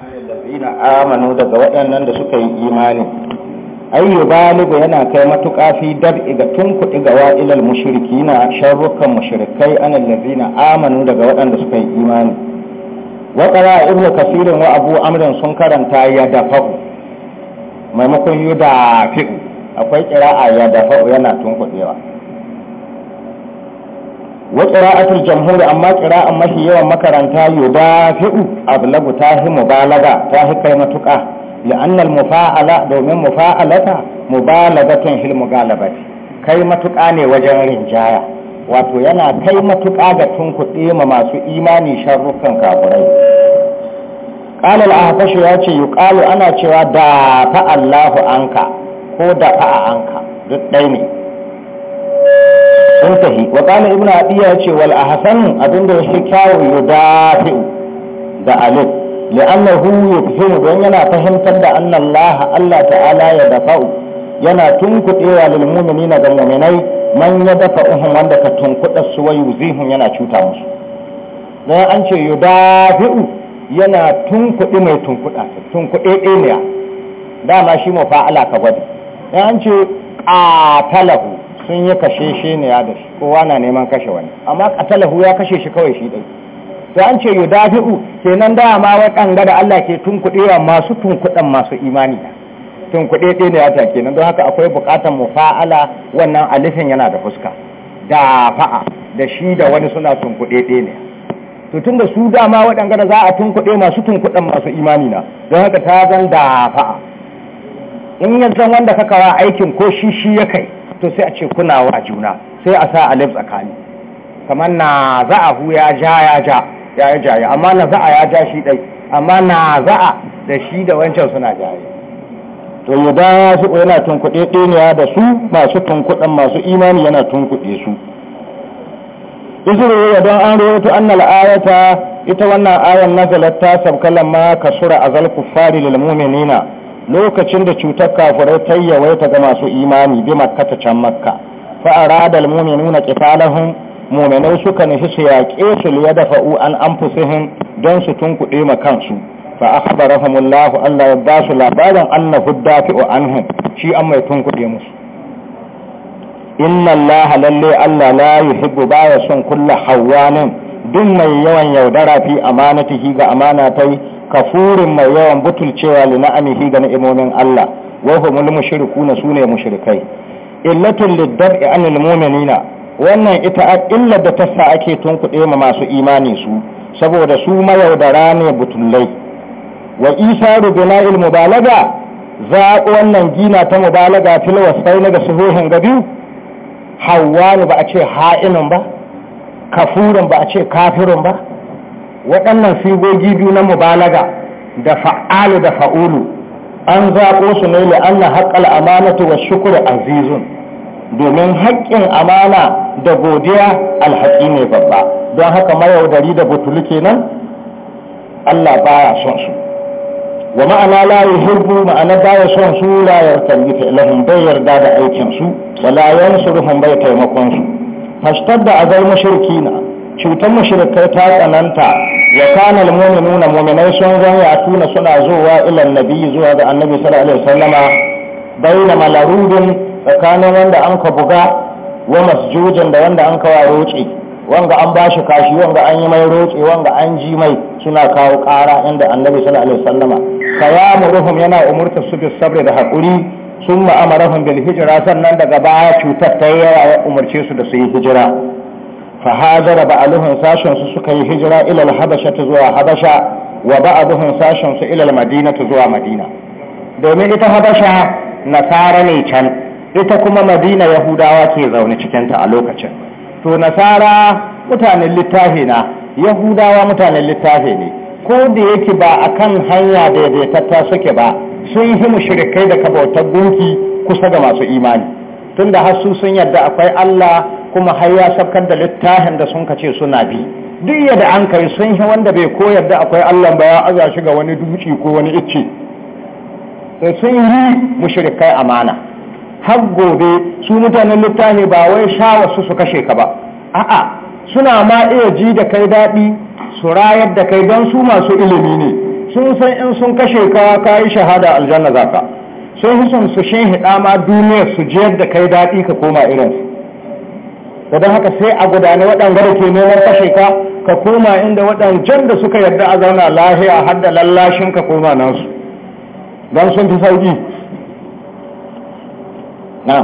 allazina amanu daga waɗannan da suka yi imani ayyu baligu yana kai matuƙa fi dab'i ga tunkuɗi ga wa'ilal mushrikina sharrukan mushrikai an allazina amanu daga waɗanda suka yi imani wa qara ibnu kasirin wa abu amrin sun karanta ya dafa'u maimakon yudafi'u akwai qira'a ya dafa'u yana tunkuɗewa wa qira'atul jamhur amma qira'an mafi yawan makaranta yudafi'u ablagu tahi mubalaga tahi kai matuka li'anna al-mufa'ala domin mufa'alata mubalagatan fil mughalabati kai matuka ne wajen rinjaya wato yana kai matuka ga tunkuɗe ma masu imani sharrukan kafirai qala al-ahfash ya ce yuqalu ana cewa da Allahu anka ko da fa'a anka duk ɗaya ne sun tafi wa kana ibn adiya yace wal ahsan abinda yake kyawu yudafi da alif li'annahu yufhimu don yana fahimtar da anna Allah Allah ta'ala ya dafa'u yana tunkuɗewa lil mu'minina ga mu'minai man ya dafa'uhum wanda ka tunkuɗa su wa yuzihum yana cuta musu dan an ce yudafi'u yana tunkuɗi mai tunkuɗa tunkuɗe ɗeniya dama shi mafa'ala ka gwada dan an ce qatalahu sun yi kashe shi ne ya da shi kowa na neman kashe wani amma katalahu ya kashe shi kawai shi dai to an ce yudafi'u kenan da ma kanga da Allah ke tunkuɗewa masu tunkuɗan masu imani tunkuɗe dai ne ya ta kenan don haka akwai buƙatar mufa'ala wannan alifin yana da fuska da fa'a da shi da wani suna tunkuɗe dai ne to tun da su dama waɗanda da za a tunkuɗe masu tunkuɗan masu imani na don haka ta zan da fa'a in yanzu wanda kakawa aikin ko shi shi ya kai to sai a ce wa juna sai a sa alif tsakani kamar na hu ya ja ya ja ya ja jaye amma na za'a ya ja shi dai amma na za'a da shi da wancan suna jaye to yadda su yana tunkuɗe ɗeniya da su masu tunkuɗan masu imani yana tunkuɗe su izuru don an rawaito annal ayata ita wannan ayan nazalatta ta ma kasura azal kuffari lil mu'minina lokacin da cutar kafirai ta yi ta ga masu imani bi makka ta can makka fa arada almu'minuna qitalahum mu'minai suka nufi su yaƙe su liya dafa'u an anfusihim don su tunkuɗe ma kansu fa akhbarahum Allah Allah ya ba su labarin annahu dafi'u anhum shi an mai tunkuɗe musu inna Allah lalle Allah la yuhibbu baya son kullu hawanin duk mai yawan yaudara fi amanatihi ga amana tai kafurin mai yawan butulcewa li na'amihi ga ni'imomin Allah wa humul mushrikuna sune mushrikai illatul lidab'i anil mu'minina wannan ita illa da tassa ake tunkuɗe ma masu imani su saboda su mayaudara ne butullai wa isa rubina'il mubalaga za wannan gina ta mubalaga fil wasfaina da suhuhin gabi hawwa ba a ce hainan ba kafurin ba a ce kafirin ba waɗannan sigogi biyu na mubalaga da fa'alu da fa'ulu an zaƙo su ne na haƙƙal amanatu wa shukuru azizun domin haƙƙin amana da godiya alhaƙi ne babba don haka mayaudari da butulu kenan Allah baya son su wa ma'ana layi yuhibbu ma'ana baya son su la yartabi lahum bai yarda da aikin su wala yansuruhum bai taimakon su fashtar da azal mashirki na cutar mashirkai ta tsananta wa kana almu'minuna mu'minai sun zama a tuna suna zuwa ila annabi zuwa ga annabi sallallahu alaihi wasallama baina malarudin tsakanin wanda an ka buga wa masjujin da wanda an kawa roce wanga an ba shi kashi wanga an yi mai roce wanga an ji mai suna kawo ƙara inda annabi sallallahu alaihi kayamu ruhum yana umurta su fi sabri da haƙuri sun ma'amarahun bil hijira sannan daga baya cutar ta yawa ya umarce su da su yi hijira fa hajara ba'aluhun sashen su suka yi hijira ilal habasha ta zuwa habasha wa ba'aluhun sashen su ilal madina ta zuwa madina domin ita habasha nasara ne can ita kuma madina yahudawa ke zaune cikinta a lokacin to nasara mutanen littafi na yahudawa mutanen littafi ne ko da yake ba akan hanya daidaitatta suke ba sun yi mushrikai da kabautar gunki kusa ga masu imani tunda har su sun yarda akwai Allah kuma har ya sabkar da littafin da sun kace suna bi duk yadda an kai sun yi wanda bai koyar da akwai Allah ba ya aza shi ga wani dutse ko wani icce eh, sun yi mushrikai amana har gobe su mutanen littafi ba wai sha wasu su kashe ka ba a'a suna ma iya ji da kai daɗi su rayar da kai don su masu ilimi ne sun san in sun kashe ka ka yi shahada aljanna za ka sun sun su shin hida ma duniyar su je da kai daɗi ka koma irinsu da don haka sai a gudane waɗanda da ke neman kashe ka ka koma inda waɗancan da suka yarda a zauna lahiya har da lallashin ka koma nan su, don sun fi sauki na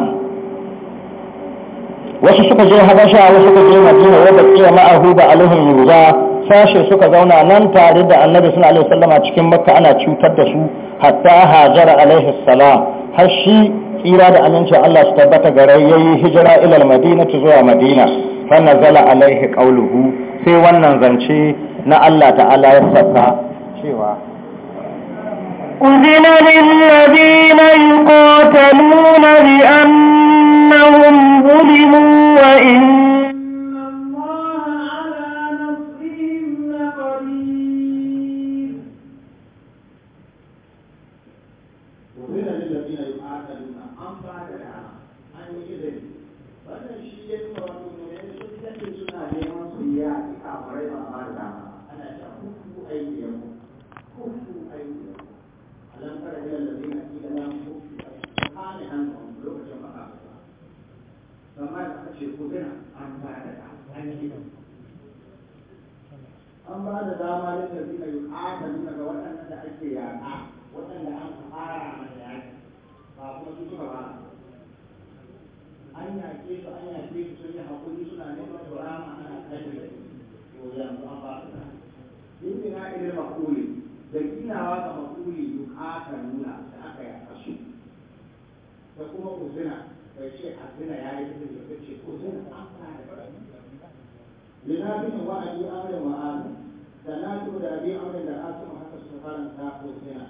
wasu suka je habasha wasu suka je madina wadda kiyama ahuba da alihin yuza sashe suka zauna nan tare da annabi suna alaihi sallama cikin makka ana cutar da su hatta hajara alaihi salam har shi tsira da amincin Allah su tabbata ga yayi hijira ilal madina zuwa madina fa nazala alaihi qauluhu sai wannan zance na Allah ta'ala ya saka cewa أذن للذين يقاتلون بأنهم ظلموا وإن an ba da dama da ta zina yi ƙasa nuna ga waɗanda da ake yaƙa waɗanda an fara a yaƙi ba kuma su suka ba an yaƙe su an yaƙe su sun yi haƙuri suna neman turama ana kashe da to yanzu an ba su da yin na irin makuli da ginawa ga makuli yi ƙasa nuna da aka yaƙa su da kuma ku zina bai ce a zina ya yi zina ya ce ku zina linafin wa abi amrin wa asim da nasu da abin amrin da asim haka su karanta ko sina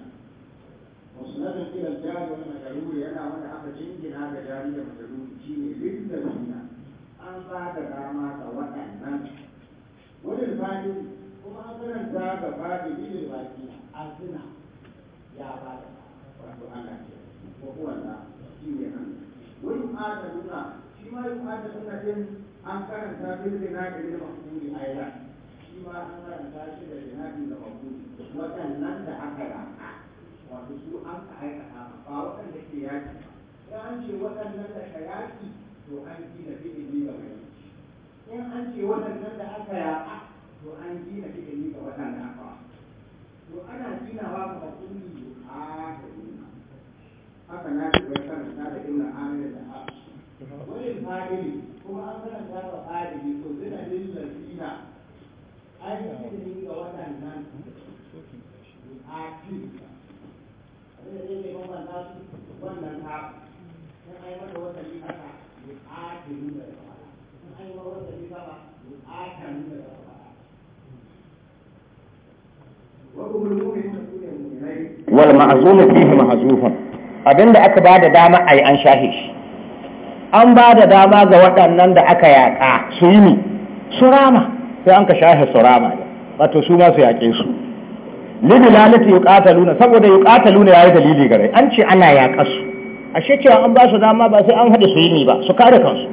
musnadin filan jari wa majaluri yana wanda aka jingina ga jari da majaluri shine lillazina an ba da dama ga waɗannan wani fadi kuma an karanta ga fadi bilil baki azina ya ba da wato Allah ke ko kuwa da shi ne nan wani adaluna shi ma yi suna din an karanta bil jinabi da a aida shi ma an karanta shi da jinabi da mafhumi waɗannan da aka raka wato su an ka aikata a ba waɗanda ke yaki ba an ce waɗannan da ka yaki to an gina fi'ili ga mai in an ce waɗannan da aka yaƙa to an gina fi'ili ga waɗanda aka to ana ginawa ga mafhumi a da ina haka na shi ya karanta da ibn amina da haka wani fa'ili kuma an karanta wa ƙa'idi to zina lillazina an yi izini ga waɗannan aki abin da zai ne bambanta su wannan ta in an yi mata wata yi haka ne aki nuna da wala in an yi mata wata yi sama ne aka nuna da wala wal ma'zum fihi mahzufun abinda aka bada dama ai an shahe shi an ba da dama ga waɗannan da aka yaƙa su yi ne su rama sai an ka shahe su rama ne wato su ma su yaƙe su lidu lalata yi ƙataluna saboda yi ƙataluna ya yi dalili gare an ce ana yaƙa su ashe cewa an ba su dama ba sai an haɗa su yi ne ba su kare kansu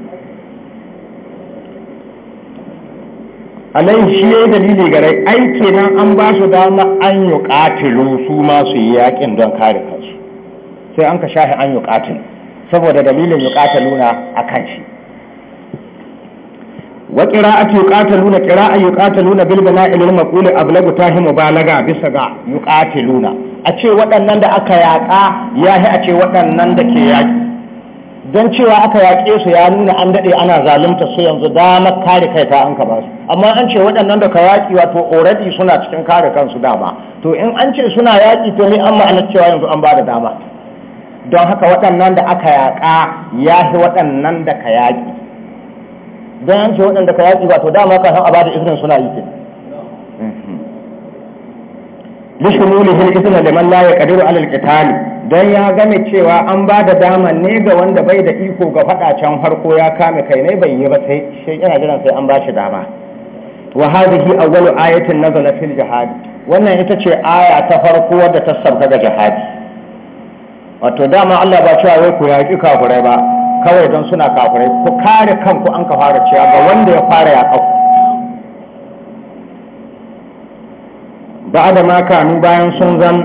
alai shi ya yi dalili gare ai kenan an ba su dama an yi ƙatilu su ma su yi yaƙin don kare kansu sai an ka shahe an yi ƙatilu saboda dalilin a kan shi wa qira'atu yuqataluna yuƙata yuqataluna bil bana'i lil maqul ablagu tahi mubalaga bisa ga yuqataluna a ce waɗannan da aka yaƙa yahi a ce waɗannan da ke yaƙi don cewa aka yaƙe su ya nuna an daɗe ana zalunta su yanzu dama kare kai ta an ka ba su amma an ce waɗannan da ka yaƙi wato already suna cikin kare kansu dama to in an ce suna yaƙi to ni an ma'anar cewa yanzu an ba da dama don haka waɗannan da aka yaƙa ya fi waɗannan da ka yaƙi don yanci waɗanda ka yaƙi ba to dama ka san a bada izinin suna yi ke lishimuli mhm. hin izina liman la yaqdiru alal alqitali don ya game cewa an ba da dama ne ga wanda bai da iko ga faɗa can farko ya kame kai ne bai yi ba sai shi yana jiran sai an ba shi dama wa hadhihi awwalu ayatin nazala fil jihad wannan ita ce aya ta farko wadda ta sabga ga jihadi wato dama Allah ba cewa wai ku yaƙi kafurai ba kawai don suna kafurai ku kare kanku an ka fara cewa ga wanda ya fara yaƙa ba'da ma kanu bayan sun zan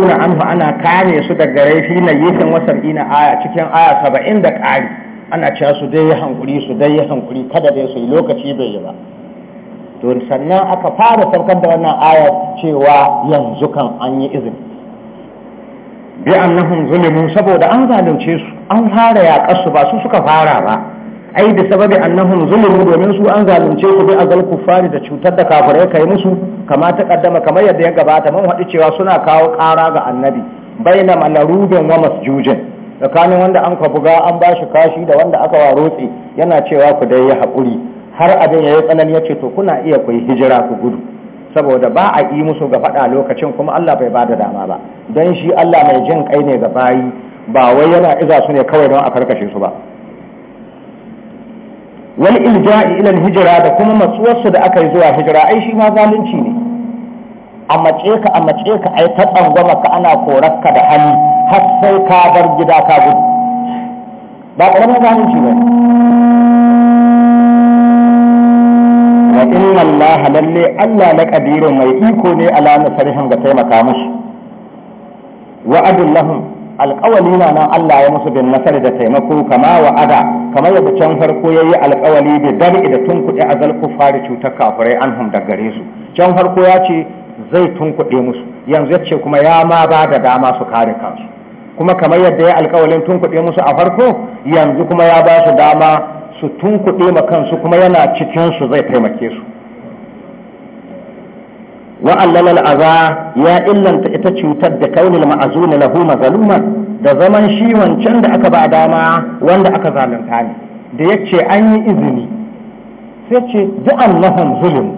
na anhu ana kare su daga raifi na yifin wasar ina aya cikin aya saba'in da ƙari ana cewa su dai yi hankuri su dai yi hankuri kada dai su yi lokaci bai yi ba to sannan aka fara saukar da wannan aya cewa yanzu kan an yi izini bi annahum zulimu saboda an zalunce su an fara ya kasu ba su suka fara ba ai da sababi annahum zulimu domin su an zalunce su bi azal kufari da cutar da kafirai kai musu kama ta kaddama kamar yadda ya gabata mun hadu cewa suna kawo kara ga annabi baina malarubin wa masjujin tsakanin wanda an ka buga an ba shi kashi da wanda aka wa rotse yana cewa ku dai ya haƙuri har abin ya yi tsanani ya ce to kuna iya ku hijira ku gudu saboda ba a yi musu ga faɗa lokacin kuma Allah bai bada dama ba don shi Allah mai jin kai ne ga bayi ba wai yana iza su ne kawai don a karkashe su ba wal ilja'i ilan hijira da kuma matsuwarsu da aka yi zuwa hijira ai shi ma zalunci ne a mace ka a mace ka ai ta tsangwama ka ana korarka da hali har sai ka bar gida ka gudu ba ƙaramin zalunci ba wa inna allaha lalle allah na qadirun mai iko ne ala nasarihim ga taimaka musu wa lahum alƙawali na nan Allah ya musu bin nasar da taimako kama wa'ada kamar yadda can farko ya yi alƙawali da dar'i da tunkuɗe a zalku fari cutar kafirai anhum da gare su can farko ya ce zai tunkuɗe musu yanzu ya ce kuma ya ma ba da dama su kare kansu kuma kamar yadda ya alƙawalin tunkuɗe musu a farko yanzu kuma ya ba su dama su tunkuɗe ma kansu kuma yana cikinsu zai taimake su wa allalal ya illanta ita cutar da kaunil ma'azuna lahu mazaluma da zaman shi wancan da aka ba dama wanda aka zalunta ne da yace an yi izini sai ce nahon zulm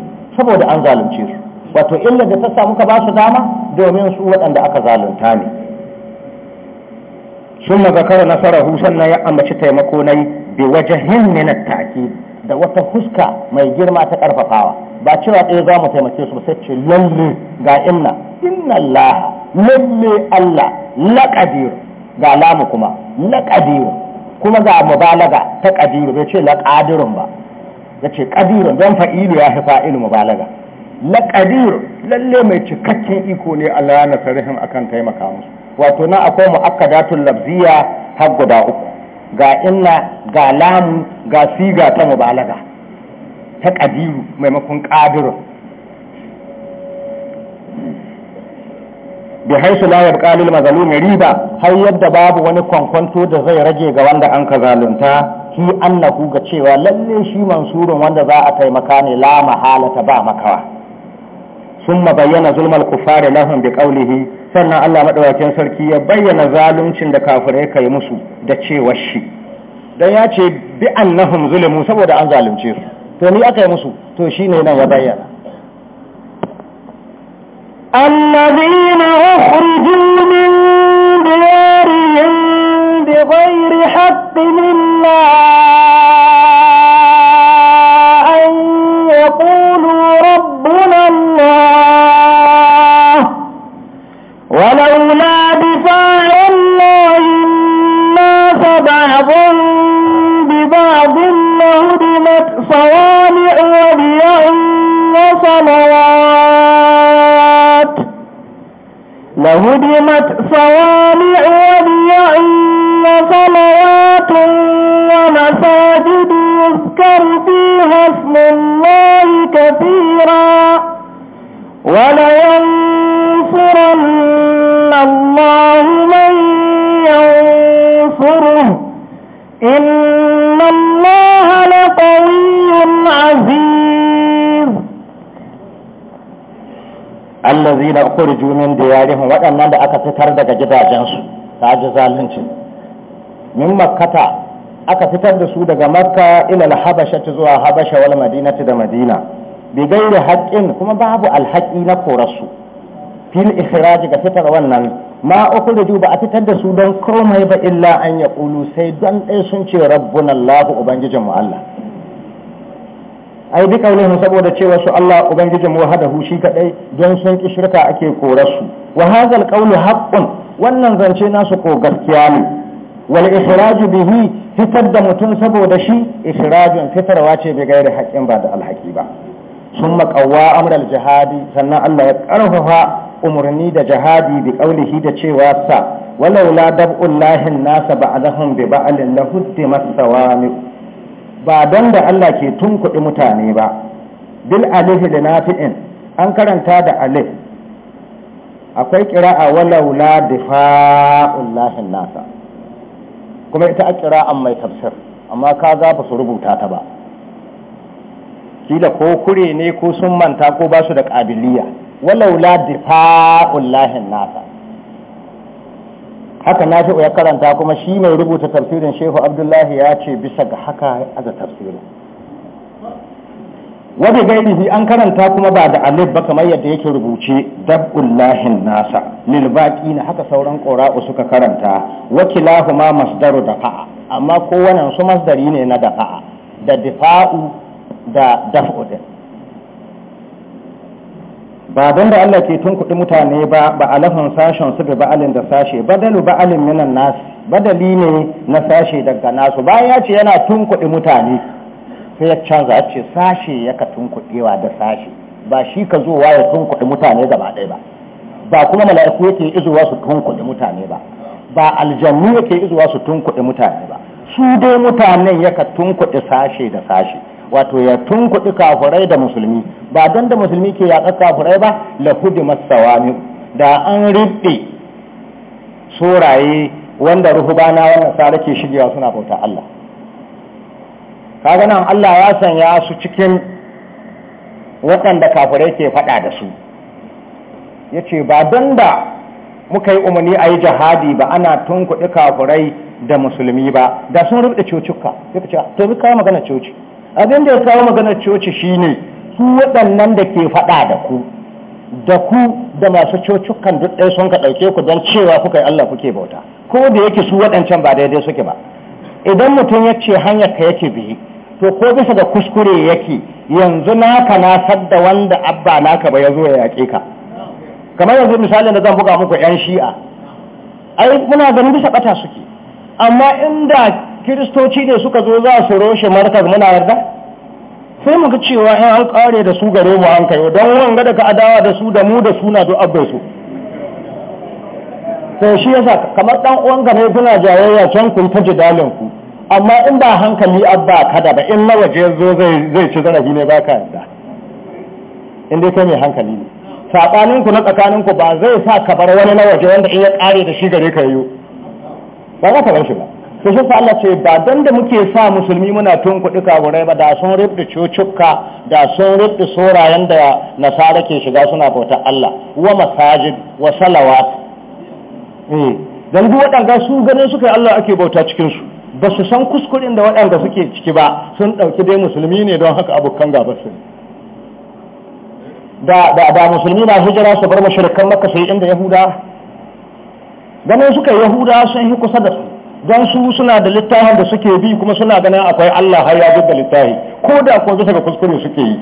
saboda an zalunce su wato illar da ta samu ka ba su dama domin su waɗanda aka zalunta ne sun zakara nasarahu sannan ya ambaci taimako na yi bi wajahin min at-ta'kid da wata huska mai girma ta karfafawa ba cewa ɗaya za mu taimake su sai ce lalle ga inna inna Allah lalle Allah laqadir ga lamu kuma laqadir kuma ga mubalaga ta qadir bai ce laqadirun ba yace qadirun don fa'ilu ya fi fa'ilu mubalaga laqadir lalle mai cikakken iko ne Allah ya nasarihin akan taimaka musu wato na akwai mu'akkadatul lafziya har guda uku ga inna ga lamu ga siga ta mubalaga ta ƙadiru maimakon ƙadiru bi haisu la yabqa lil mazlumi riba har yadda babu wani kwankwanto da zai rage ga wanda an ka zalunta hi annahu ga cewa lalle shi mansurun wanda za a taimaka ne la mahalata ba makawa summa bayyana zulmal kufari lahum bi qawlihi sannan Allah maɗaukakin sarki ya bayyana zaluncin da kafirai kai musu da cewa shi dan ya ce bi annahum zulmu saboda an zalunce su to ni aka yi musu to shine nan ya bayyana الذين أخرجوا من ديارهم بغير haqqin إلا an يقولوا ربنا Allah. صوامع وبيع وصلوات لهدمت صوامع وبيع وصلوات ومساجد يذكر فيها اسم الله كثيرا ولينصرن الله من ينصره إن Yan'uwa ne kwawoye na Habiba. Allah zai yi naƙuri waɗannan da aka fitar daga gidajensu, ta ji zalunce. Mun makkata aka fitar da su daga matakiyar Habasha, zuwa Habashawar, Madinatu da Madina, biyar da haƙƙin kuma babu alhaƙi na kore fil ikhraj ga fitar wannan ma ukhriju ba a fitar da su don komai ba illa an qulu sai don dai sun ce rabbuna allah ubangijin mu allah ai bi ne saboda cewa su allah ubangijin mu wahdahu shi kadai don sun ki shirka ake su wa hadha alqawlu haqqun wannan zance nasu ko gaskiya ne wal ikhraj bihi fitar da mutum saboda shi ikhrajun fitarwa ce bi gairi haqqin ba da alhaqi ba sun maƙawa amral jihadi sannan Allah ya ƙarfafa umarni da jihadi bi ƙaunihi da cewa sa walau la dab'un lahin nasa ba'dahum bi ba'alin la huddimat sawami ba don da Allah ke tunkuɗi mutane ba bil alif da nafi'in an karanta da alif akwai a walau la difa'un lahin nasa kuma ita a an mai tafsir amma ka za ba su rubuta ta ba kila ko kure ne ko sun manta ko ba su da ƙabiliya walaula difa'ul lahin nasa haka na ya karanta kuma shi mai rubuta tafsirin shehu abdullahi ya ce bisa ga haka aza tafsirin wadda gairihi an karanta kuma ba da alif ba kamar yadda yake rubuce lahin nasa lilbaki na haka sauran ƙora'u suka karanta ma masdaru dafa'a amma kowannen su masdari ne na dafa'a da difa'u da daf'u din ba don da Allah ke tun kuɗi mutane ba ba alafin sashen su bi ba'alin da sashe badalu ba'alin minan nasu badali ne na sashe daga nasu bayan ya ce yana tun kuɗi mutane sai ya canza ce sashe ya ka tun da sashe ba shi ka zowa ya tun mutane gaba ɗaya ba ba kuma mala'iku yake izuwa su tun mutane ba ba aljannu yake izuwa su tun mutane ba su dai mutanen ya ka tun sashe da sashe wato ya tunkuɗi kafirai da musulmi ba don da musulmi ke yaƙa kafirai ba la masawa sawami da an ribɗe suraye wanda bana wannan sare ke shigewa suna bauta Allah kaga nan Allah ya sanya su cikin waɗanda kafirai ke faɗa da su Ya ce ba don da muka yi umarni a yi jihadi ba ana tunkuɗi kafirai da musulmi ba da sun rubuta cocuka suka ce to bi kawo magana coci abin da ya kawo magana coci shine su waɗannan da ke faɗa da ku da ku da masu cocukan duk ɗaya sun ka ɗauke ku don cewa kuka yi Allah kuke bauta ko da yake su waɗancan ba daidai suke ba idan mutum ya ce hanyar ka yake bihi to ko bisa ga kuskure yake yanzu naka na sadda wanda abba naka ba ya zo ya yaƙe ka kamar yanzu misali da zan buga muku yan shi'a ai muna ganin bisa ɓata suke amma inda kiristoci ne suka zo za su roshe markaz muna yarda sai muka cewa in an kare da su gare mu an kai don wanga daga adawa da su da mu da suna duk abin su sai shi yasa kamar dan uwan ne suna jayayya can kun ta jidalin ku amma in ba hankali abba kada ba in na waje zo zai ci zarafi ne ba ka yarda in dai kai mai hankali ne sabanin ku na tsakanin ku ba zai sa ka bar wani na waje wanda in ya kare da shi gare ka yo? ba za ka bar shi ba to shi sa Allah ce ba dan da muke sa musulmi muna tun kuɗi kaburai ba da sun rubda cucukka da sun rubda sorayen da nasara ke shiga suna bautar Allah wa masajid wa salawat eh dan duk waɗanda su ganin suka Allah ake bauta cikin su ba su san kuskurin da waɗanda suke ciki ba sun ɗauki dai musulmi ne don haka abokan gaba su da da da musulmi na hijira su bar mashirkan makka sai inda yahuda ganin suka yahuda sun yi kusa da su don su suna da littafin da suke bi kuma suna ganin akwai Allah har ya da littafi ko da kuwa bisa ga kuskure suke yi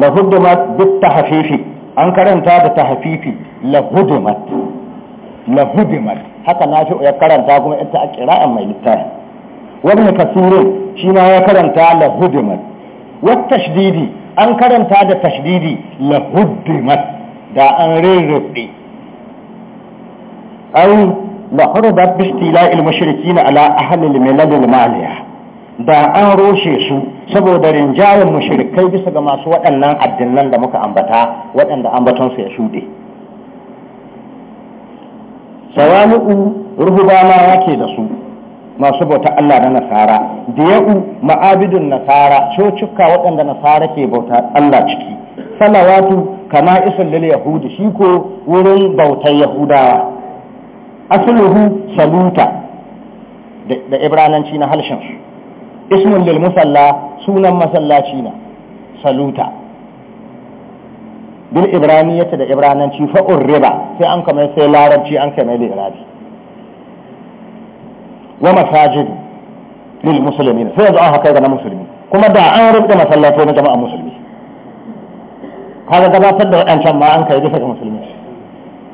lahudumat duk ta hafifi an karanta da ta hafifi la hudumat haka na fi ya karanta kuma ita a kira'an mai littafi wani kasuwar shi ma ya karanta hudumat wata tashdidi an karanta da tashdidi hudumat da an rirrafe. ai la hurbat bi istila'il mushrikin ala ahli al-milal maliya da an roshe su saboda rinjayen mushrikai bisa ga masu waɗannan addinan da muka ambata waɗanda ambaton su ya shuɗe sawali'u ruhubana yake da su masu bauta Allah na nasara diya'u ma'abidun nasara cocuka waɗanda nasara ke bauta Allah ciki salawatu kama isin lil yahudi shi ko wurin bautar yahudawa asluhu saluta da ibrananci na halshen su ismun lil musalla sunan masallaci na saluta bil ibraniyyati da ibrananci fa urriba sai an kamar sai larabci an kamar da irabi wa masajid lil muslimin sai yanzu an haka ga na musulmi kuma da an rubuta masallatai na jama'a musulmi kaga gabatar da waɗancan ma an kai bisa ga musulmi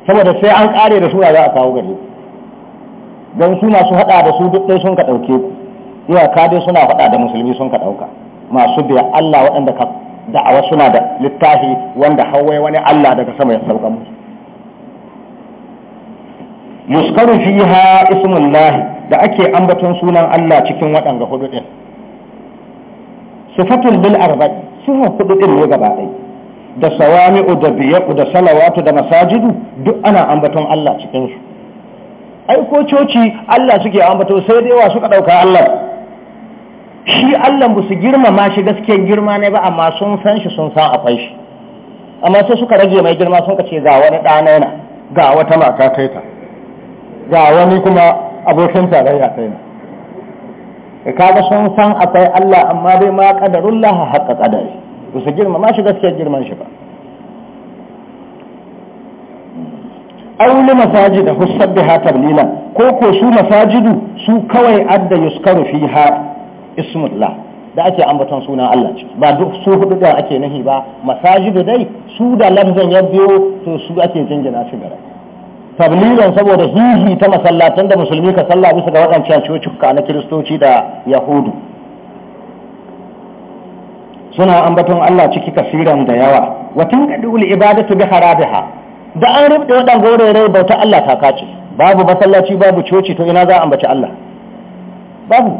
saboda sai an kare da suna za a kawo gare don su masu hada da su duk sun ka dauke ku ka dai suna hada da musulmi sun ka ɗauka masu biya Allah waɗanda ka da'awa suna da littafi wanda hawaye wani Allah daga sama ya sauka musu yuskaru fiha ismullahi da ake ambaton sunan Allah cikin waɗanda hudu din sifatul bil arba'i sifatul hudu din ne gaba ɗaya da sawami'u da biyaku da salawatu da masajidu duk ana ambaton Allah cikinsu ai ko coci Allah suke ambato sai da yawa suka ɗauka Allah shi Allah ba su girmama shi gaskiyar girma ne ba amma sun san shi sun san akwai shi amma sai suka rage mai girma sun ce ga wani ɗanana ga wata mata kai ta ga wani kuma abokin tarayya kai na kaga sun san akwai Allah amma dai ma kadarullah haƙƙa kadari ba su girmama shi gaskiyar girman shi ba auli masajida hussar ha tablila ko ko su masajidu su kawai adda yuskaru ha ismullah da ake ambaton sunan Allah ce ba duk su hudu da ake nahi ba masajidu dai su da lafzan ya biyo to su ake jingina shi gara tablilan saboda hihi ta masallatan da musulmi ka sallah bisa ga waɗancan cocukka na kiristoci da yahudu suna ambaton Allah ciki kasiran da yawa watan kadul ibadatu bi harabiha da an rubuta wadan rai bauta Allah ta kace babu masallaci babu coci to ina za a ambaci Allah babu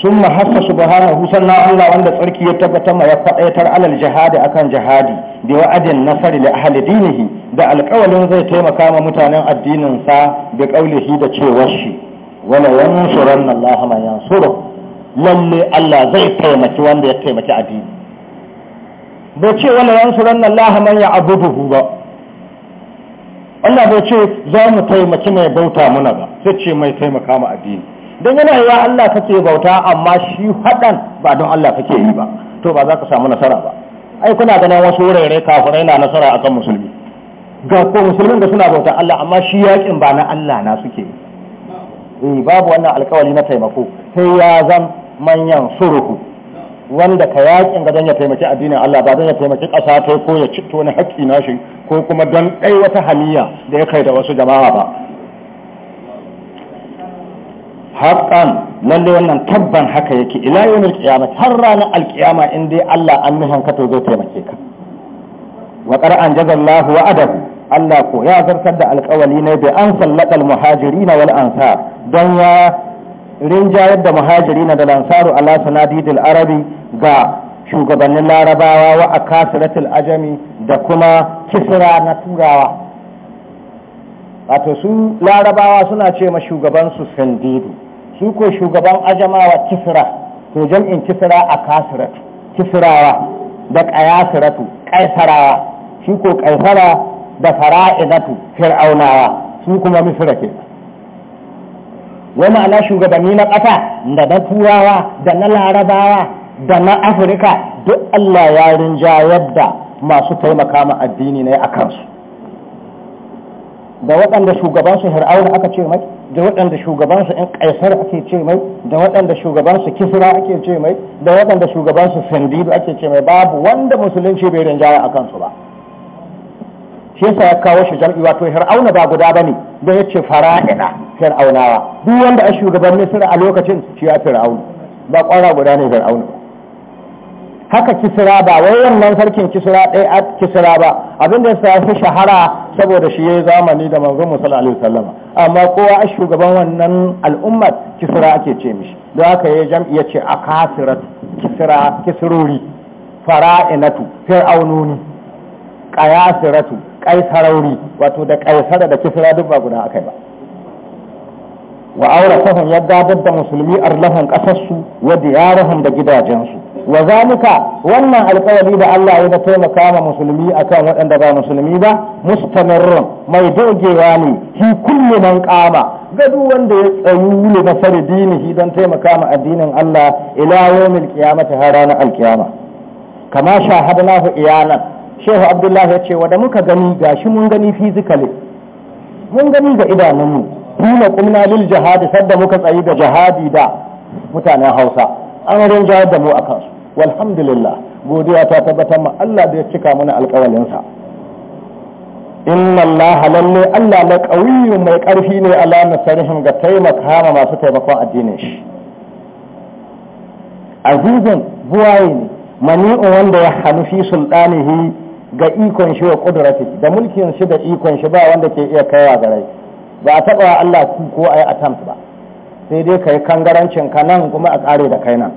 summa hassa subhanahu sanna Allah wanda tsarki ya tabbata ma ya fadaitar alal jihadi akan jihadi da wa'adin nasari li ahli dinihi da alƙawalin zai taimaka ma mutanen addinin sa bi qaulihi da cewar shi wala yansuranna Allah ma yansuruhu lalle Allah zai taimaki wanda ya taimaki addini bai ce wala yansuran Allah man ya abuduhu ba Allah bai ce za mu taimaki mai bauta muna ba sai ce mai taimaka mu addini don yana yiwa Allah kake bauta amma shi haɗan ba don Allah kake yi ba to ba za ka samu nasara ba ai kuna ganin wasu wurare kafirai na nasara akan musulmi ga ko musulmin da suna bauta Allah amma shi yakin ba na Allah na suke yi eh babu wannan alkawari na taimako sai ya zan manyan suruhu wanda ka yakin ga don ya taimaki addinin Allah ba don ya taimaki ƙasa ta ko ya cito wani haƙƙi nashi ko kuma don ɗai wata haniya da ya kai da wasu jama'a ba haƙan lalle wannan tabban haka yake ila yawmil kiyama har ranar alkiyama in dai Allah an ka to zai taimake ka wa qara an jazallahu wa adahu Allah ko ya zartar da alkawali ne bai an sallakal muhajirina wal ansar don ya rinjayar da na da lansaru ala sanadidil arabi ga shugabannin larabawa wa a kasiratul ajami da kuma kisra na turawa wato su larabawa suna ce ma shugaban su sandidi su ko shugaban ajamawa kisra to jam'in kisra a kasiratu kisrawa da ƙayasiratu ƙaisarawa shi ko ƙaisara da fara'idatu fir'aunawa su kuma misira ke ma'ana ma'ana shugabanni na ƙasa da na turawa da na larabawa da na afirka duk allah ya rinjayar da masu taimaka ma addini ne a kansu da waɗanda shugabansu fir'auna aka ce mai da waɗanda shugabansu in kaisar ake ce mai da waɗanda shugabansu kisra ake ce mai da waɗanda shugabansu sandidu ake ce mai babu wanda musulunci bai rinjaya a kansu ba shi yasa ya kawo shi jam'i wato fir'auna ba guda bane don ya ce fara'ida fir'aunawa duk wanda a shugaban misira a lokacin shi ya fir'auna ba kwara guda ne fir'auna haka kisra ba wai wannan sarkin kisra ɗaya a kisra ba abin da ya fi shahara saboda shi ya yi zamani da manzo musallallahu alaihi wasallam amma kowa a shugaban wannan al'ummar kisra ake ce mishi don haka ya jam'i ya ce akasirat kisra kisrori fara'inatu fir'aununi qayasiratu kaisarauri wato da kaisara da kisra duk ba guda akai ba wa aurasahum ya gadar da musulmi arlahun kasarsu wa diyarahum da gidajensu wa zalika wannan alkawari da Allah ya da taimaka ma musulmi akan waɗanda ba musulmi ba mustamirrun mai dogewa ne shi kulli man qama gadu wanda ya tsayu ne na dini shi don taimaka ma addinin Allah ila yawmil qiyamati har ranar alkiyama kama shahadnahu iyanan shehu abdullahi ya ce wada muka gani gashi mun gani fizikali mun gani ga idanunmu nuna kumna lil jihadi sadda muka tsayi da jihadi da mutanen hausa an rin da mu a kansu walhamdulillah godiya ta tabbatar ma Allah da ya cika mana alkawalinsa inna Allah lalle Allah la qawiyyu mai ƙarfi ne ala nasarihim ga taimaka ma masu taimakon addinin shi azizun buwaye ne mani'un wanda ya hanufi sultanihi ga ikon shi wa kudurati da mulkin shi da ikon shi ba wanda ke iya kaiwa ga rai ba a taba Allah ku ko ai attempt ba sai dai kai kangarancin ka nan kuma a kare da kai nan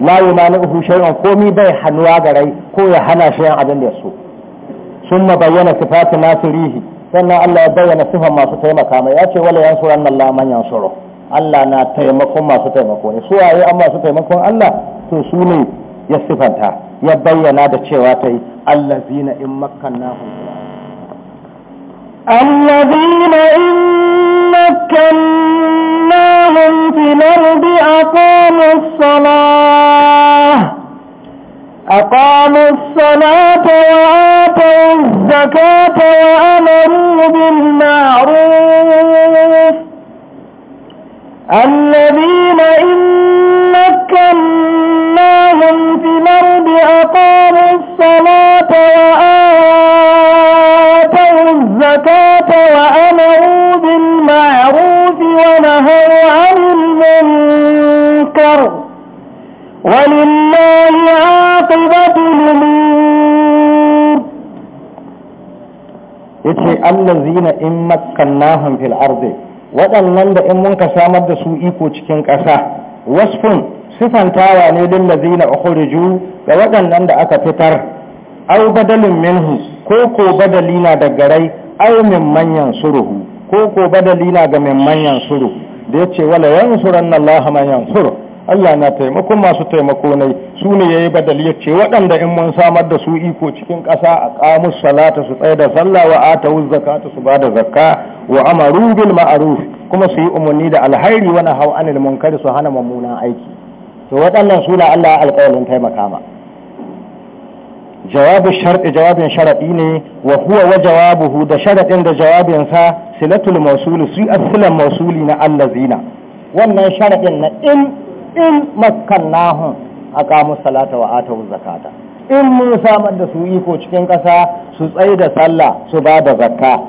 la yumani'uhu shay'un komi bai hanuwa ga rai ko ya hana shi yan abin da ya so summa bayyana sifatu nasirihi sannan Allah ya bayyana sifan masu taimaka mai ya ce wala yansuran Allah man yansuru Allah na taimakon masu taimako ne su waye an masu taimakon Allah to su ne ya sifanta ya bayyana da cewa ta yi allazina in makkannahum الذين إن مكناهم في الأرض أقاموا الصلاة أقاموا الصلاة وآتوا الزكاة وأمروا بالمعروف الذين إن مكناهم في الأرض أقاموا الصلاة وآتوا الزكاة وأمروا بالمعروف ونهوا عن المنكر ولله عاقبة الأمور يتشي الذين إن مكناهم في الأرض waɗannan da in mun ka samar da su iko sifantawa ne din lazina ukhriju ga waɗannan da aka fitar au badalin minhu ko ko badali na da garai au min manyan suruhu ko ko badali na ga min manyan suru da yace wala yansuranna Allah man yansur Allah na taimako masu taimako ne su ne yayi badali yace waɗanda in mun samar da su iko cikin ƙasa a qamus salata su tsaya da sallah wa atawuz zakata su bada zakka wa amaru bil ma'ruf kuma su yi umarni da alhairi wa hau anil munkari su hana mummunan aiki to waɗannan suna Allah alƙawarin taimaka ma jawabin sharɗi jawabin sharaɗi ne wa huwa wa jawabuhu da sharaɗin da jawabinsa silatul mausuli su asilan mausuli na Allah zina. wannan sharaɗin na in in makkannahum aqamu salata wa atu zakata in mun samar da su iko cikin ƙasa su tsaye da sallah su ba da zakka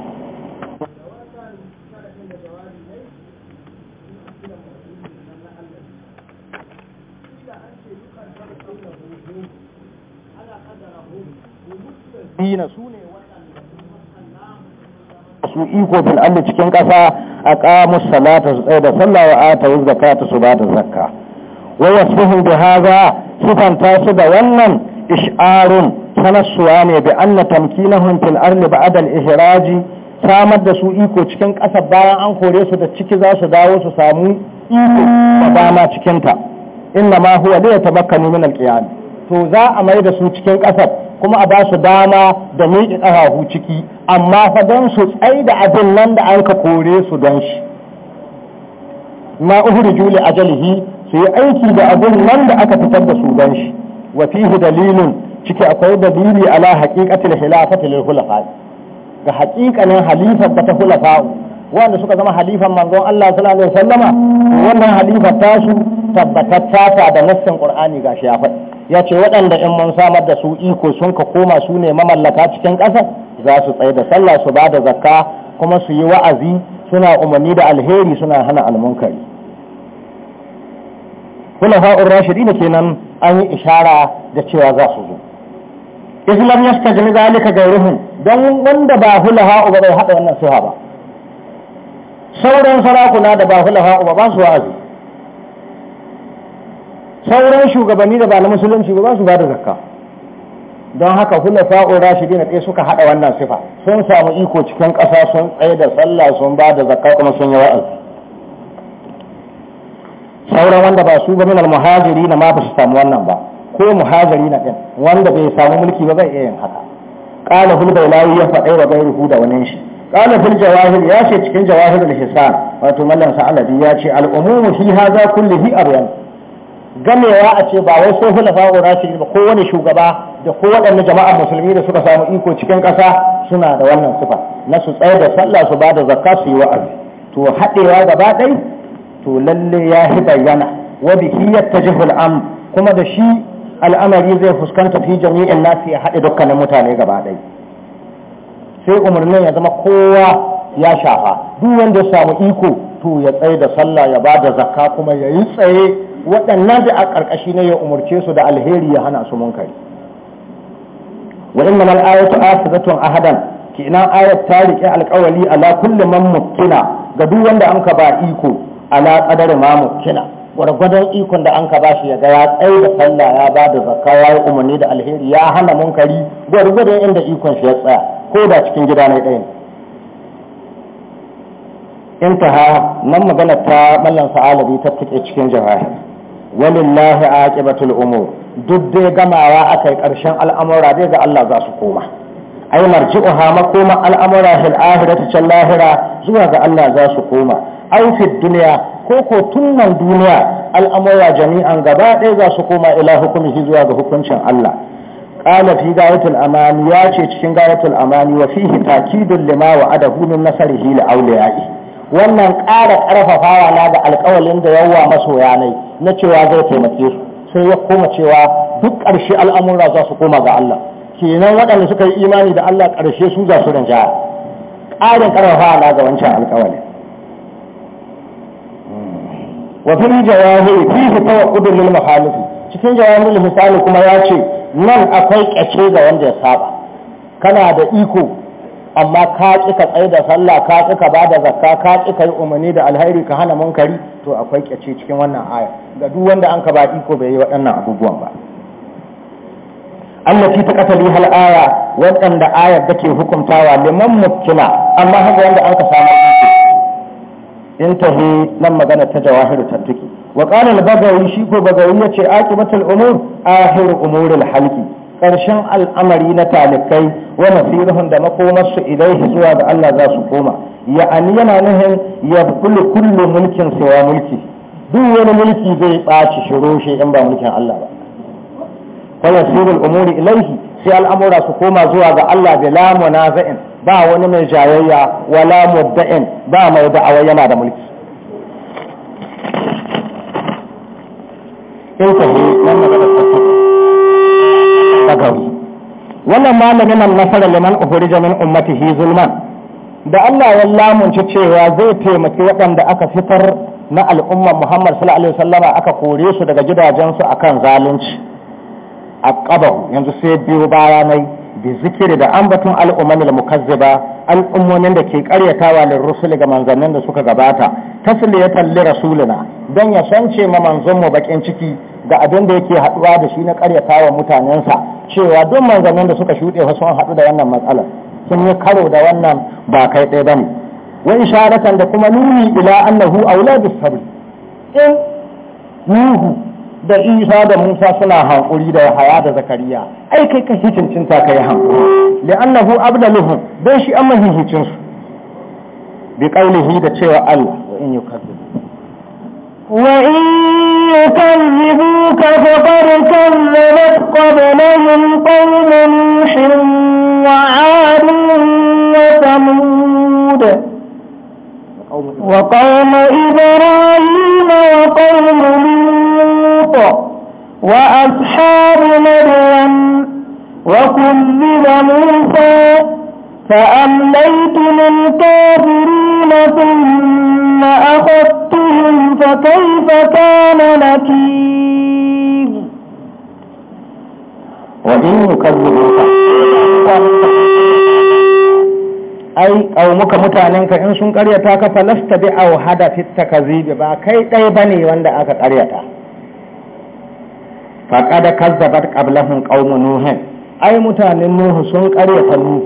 dina su ne su iko fil alli cikin ƙasa a ƙamus salata su tsaye da sallah wa ata wuz zakata su ba da zakka wa wasfuhum bi hadha sifanta su da wannan ish'arun sanassuwa ne bi anna tamkinahum fil arli ba'da al ihiraji samar da su iko cikin kasa bayan an kore su da ciki za su dawo su samu iko da dama cikin ta inna ma huwa li yatamakkanu min al qiyam to za a mai da su cikin ƙasar kuma a ba su dama da miƙe ƙafafu ciki amma fa don su tsai da abin nan da an ka kore su don shi ma juli a jalihi su yi aiki da abin nan da aka fitar da su don shi wa fihi dalilin ciki akwai dalili ala haqiqatil khilafati lil ga haƙiƙanin halifar da ta hulafa wanda suka zama halifan manzon Allah sallallahu alaihi wasallama wannan halifar tasu tabbatar ta da nassin qur'ani gashi ya faɗi ya ce waɗanda in mun samar da su iko sun ka koma su ne mamallaka cikin ƙasar za su tsaye da sallah su ba da zakka kuma su yi wa'azi suna umarni da alheri suna hana almunkari kuna fa'ur rashidi da kenan an yi ishara da cewa za su zo islam ya suka jini zalika don wanda ba hulaha ba bai haɗa wannan suha ba sauran sarakuna da ba hula uba ba su wa'azi sauran shugabanni da ba na musulunci ba su ba da zakka don haka hula fa'o rashidi na ɗaya suka haɗa wannan sifa sun samu iko cikin ƙasa sun tsaye da sallah sun ba da zakka kuma sun yi wa'azi sauran wanda ba su ba minal muhajiri na ma ba su samu wannan ba ko muhajiri na ɗin wanda bai samu mulki ba zai iya yin haka ƙala hul bai ya faɗai wa bai da wani shi ƙala fil jawahir ya ce cikin jawahir al-hisan wato mallan sa'alabi ya ce al-umumu fi hadha kullihi abyan gamewa a ce ba wai sun hulafa wa rashidi ba kowane shugaba da ko waɗanne jama'ar musulmi da suka samu iko cikin ƙasa suna da wannan sifa na su tsaye da sallah su ba da zakka su yi wa'azi to haɗewa gaba ɗai to lalle ya hi bayyana wa bihi yattajihu al'am kuma da shi al'amari zai fuskanta fi jami'in nasi ya haɗe dukkanin mutane gaba ɗai sai umarnin ya zama kowa ya shafa duk wanda ya samu iko to ya tsaye da sallah ya ba da zakka kuma ya yi tsaye waɗannan da a ƙarƙashi ne ya umarce su da alheri ya hana su munkari wa inna mal ayatu asidatun ahadan kenan ayat ta rike alƙawali ala kulli man mukina ga duk wanda an ka ba iko ala ƙadar ma mukina gwargwadon ikon da an ka bashi ya ga ya tsaye da sallah ya ba da zakka ya yi umarni da alheri ya hana munkari gwargwadon inda ikon shi ya tsaya ko da cikin gida ne ɗaya intaha nan magana ta mallan sa'alabi ta tike cikin a walillahi aqibatul umur duk dai gamawa ƙarshen karshen al'amura dai ga Allah za su koma ai marji'uha makoma al'amura fil akhirati can lahira zuwa ga Allah za su koma ai fi duniya ko ko tun duniya al'amura jami'an gaba ɗaya za su koma ila hukumihi zuwa hukuncin Allah qala fi gayatul amani ya ce cikin gayatul amani wa fihi takidul lima wa adahu min nasarihi li wannan ƙara ƙarfafawa na da alƙawalin da yawa masoya na cewa zai taimake su sai ya koma cewa duk ƙarshe al'amura za su koma ga Allah kenan waɗanda suka yi imani da Allah ƙarshe su za su rinjaya ƙarin ƙarfafawa na ga wancan alƙawalin وفي الجواهر فيه توقد للمخالف cikin jawahirul misali kuma ya ce nan akwai kace ga wanda ya saba kana da iko amma ka ƙi ka tsaye da sallah ka ƙi ka bada zakka ka ƙi ka yi umarni da alhairi ka hana munkari to akwai ƙyace cikin wannan aya ga duk wanda an ka ba iko bai yi waɗannan abubuwan ba Allah ta katali hal aya waɗanda ayar da hukuntawa liman mukima amma haka wanda an ka samu iko he nan magana ta jawahiru tattuki wa qala al-bagawi shi ko bagawi yace aqibatul umur ahiru umuril halqi ƙarshen al'amari na talikai wa nasiruhun da makomarsu ilaihi zuwa ga Allah za su koma ya'ani yana nuhin ya kullu kullu mulkin sewa mulki duk wani mulki zai ɓaci shiro shi in ba mulkin Allah ba kwallon sirul umuri ilaihi sai al'amura su koma zuwa ga Allah bi la munaza'in ba wani mai jayayya wala mudda'in ba mai da'awa yana da mulki in ka nan magana wannan malamin al-nasara liman ukhrija min ummatihi zulman da Allah ya lamunci cewa zai taimaki waɗanda aka fitar na al'ummar Muhammad sallallahu alaihi wasallama aka kore su daga gidajensu akan zalunci a ƙabar yanzu sai biyo bayanai bi zikiri da ambatun al'ummar mukazziba al'ummomin da ke karyatawa lil rusul ga manzannin da suka gabata tasliyatan li rasulina dan ya sance ma manzon mu bakin ciki da abin da yake haɗuwa da shi na ƙaryata wa mutanensa cewa duk manzannin da suka shuɗe fa sun haɗu da wannan matsalar sun yi karo da wannan ba kai ɗaya ne. wa isharatan da kuma nuni ila annahu auladus sabr in nuhu da isa da musa suna hankuri da haya da zakariya ai kai ka hikincin ta kai hankuri annahu abdaluhu dan shi amma hikincin su bi qaulihi da cewa Allah wa in yukadzib وإن يكذبوك فقد كذبت قبلهم قوم نوح وعاد وثمود وقوم إبراهيم وقوم لوط وأصحاب مريم وكذب موسى فأمليت للكافرين ثم أخذت عنهم فكيف كان نكير وإن يكذبوك ai ƙaunuka mutanenka in sun ƙaryata ka falasta bi au hada fitta ka ba kai ɗaya bane wanda aka ƙaryata faƙada kazzabat ƙablahun ƙaunu nuhin ai mutanen nuhu sun ƙaryata nuhu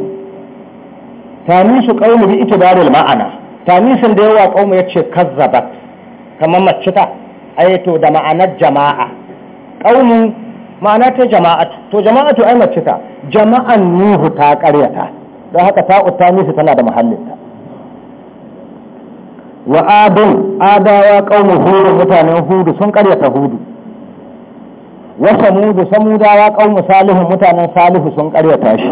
tani su ƙaunu bi itibaril ma'ana tani sun da yawa ƙaunu yace ce kamar mace ta to da ma'anar jama'a ƙaunin ma'anar ta jama'a to jama'a to ai mace ta jama'an nuhu ta ƙaryata don haka ta utta nuhu tana da mahallinta wa adun adawa ƙaunin hudu mutanen hudu sun ƙaryata hudu wa samudu samudawa ƙaunin salihu mutanen salihu sun ƙaryata shi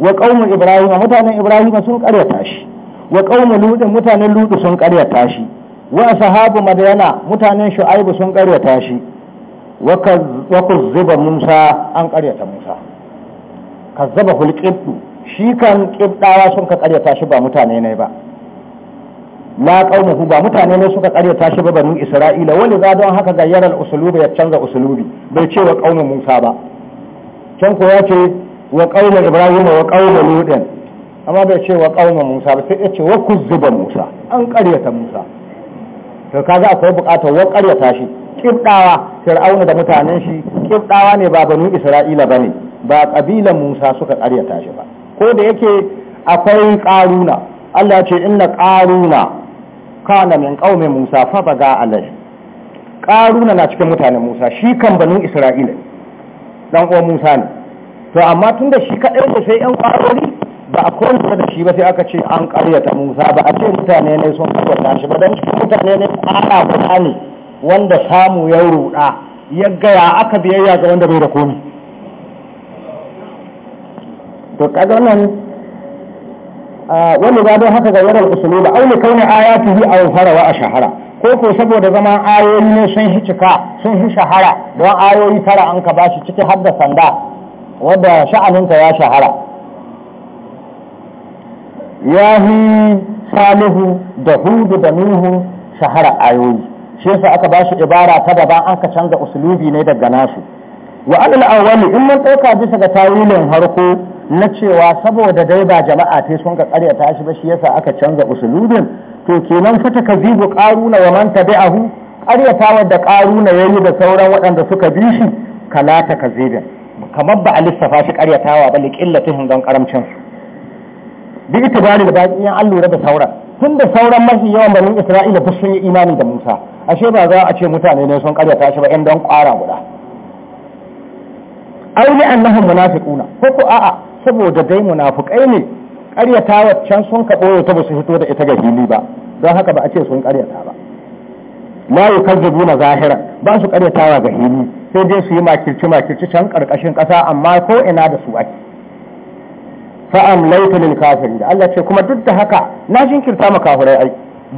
wa ƙaunin ibrahim mutanen ibrahim sun ƙaryata shi wa ƙaunin ludu mutanen ludu sun ƙaryata shi wa sahabu madayana mutanen shu'aibu sun karyata shi wa kuzzuba musa an karyata musa kazzaba hulqibdu shi kan kibdawa sun ka karyata shi ba mutane ne ba la qaumuhu ba mutane ne suka karyata shi ba banu isra'ila wani za don haka gayyarar usulubi ya canza usulubi bai ce wa qaumu musa ba can ko ya ce wa qaumu ibrahim wa qaumu lut amma bai ce wa qaumu musa ba sai ya ce wa kuzzuba musa an karyata musa to kaga akwai bukatar ya tashi kibdawa fir'auna da mutanen shi kibdawa ne ba banu isra'ila bane ba kabilan musa suka karya tashi ba ko da yake akwai ƙaruna Allah ya ce inna ƙaruna kana min qaumi musa fa baga alai ƙaruna na cikin mutanen musa shi kan banu isra'ila dan uwan musa ne to amma tunda shi kadai da sai yan ƙarori ba a kwanta da shi ba sai aka ce an karyata musa ba a ce mutane ne sun kwanta shi ba don cikin mutane ne ana kuɗa ne wanda samu ya ruɗa ya gaya aka biyayya ga wanda bai da komi to kaga nan wani ba don haka gayyarar usulu ba aure kaune ayatihi aw farawa a shahara ko ko saboda zama ayoyi ne sun hi cika sun hi shahara don ayoyi tara an ka bashi ciki har da sanda wadda sha'aninta ya shahara yahi salihu da hudu da nuhu shahara ayoyi shi yasa aka shi ibara ta da an aka canza usulubi ne daga nasu wa alal awwali in mun dauka bisa ga tawilin harko na cewa saboda dai ba jama'a te sun ga ƙarya ta shi ba shi yasa aka canza usulubin to kenan ta kazibu qaruna wa man tabi'ahu ƙarya da ƙaruna ya yi da sauran waɗanda suka bi shi kala ta kazibin kamar ba a lissafa shi ƙaryatawa ba liƙillatihin don ƙaramcinsu bi itibari da baki an lura da sauran tun da sauran mafi yawan banin isra'ila duk sun yi imani da musa ashe ba za a ce mutane ne sun karyata shi ba yan don kwara guda aure annahum munafiquna ko ko a'a saboda dai munafukai ne karyata waccan sun ka boye ta basu fito da ita ga fili ba don haka ba a ce sun karyata ba la yukazzibuna zahira ba su karyatawa ga hili sai dai su yi makirci makirci can karkashin kasa amma ko ina da su ake fa'am laifin kafin da Allah ce kuma duk da haka na jinkirta ma kafirai ai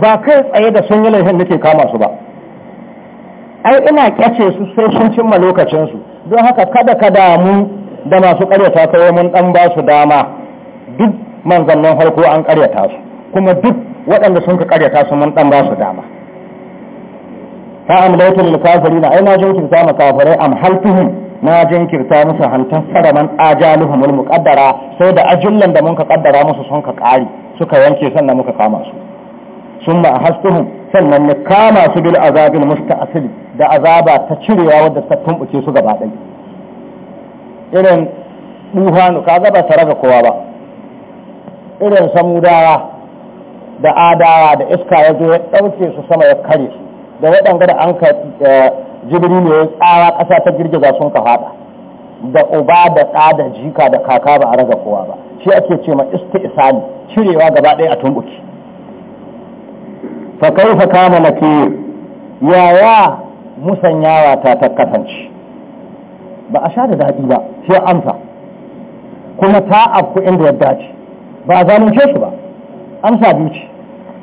ba kai tsaye da sun yi laifin nake kama su ba ai ina kyace su sai sun cimma lokacinsu don haka kada ka damu da masu karyata kai mun dan ba su dama duk manzannin farko an karyata su kuma duk waɗanda sun ka karyata su mun dan ba su dama fa'am laifin kafiri na ai na jinkirta ma kafirai am haltuhum na jinkirta musu hantar saraman ajaluhumul muqaddara sai da ajullan da muka kaddara musu sun ka kare suka yanke sannan muka kama su summa ahastuhum sannan mu kama su bil musta musta'sil da azaba ta cirewa wadda ta tumbuke su gaba irin duhanu ka gaba tare ga kowa ba irin samudawa da adawa da iska ya zo ya ɗauke su sama ya kare su da waɗanda da an ka eh, jibrilu ya tsawa ƙasa ta girgiza sun ka fada da uba da ɗa da jika da kaka ba a raga kowa ba shi ake ce ma isali cirewa gaba ɗaya a tumbuki fa kaifa kama nakir yaya musanyawa ta ta kasance ba a sha da daɗi ba sai amsa kuma ta afku inda ya dace ba a zalunce shi ba amsa biyu ce